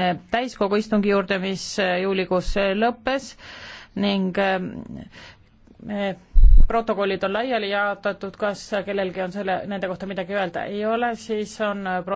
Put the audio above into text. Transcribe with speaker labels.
Speaker 1: Äh, täiskogu istungi juurde, mis äh, juulikuus äh, lõppes ning ähm,
Speaker 2: protokollid on laiali jaotatud, kas kellelgi on selle, nende kohta midagi öelda, ei ole, siis on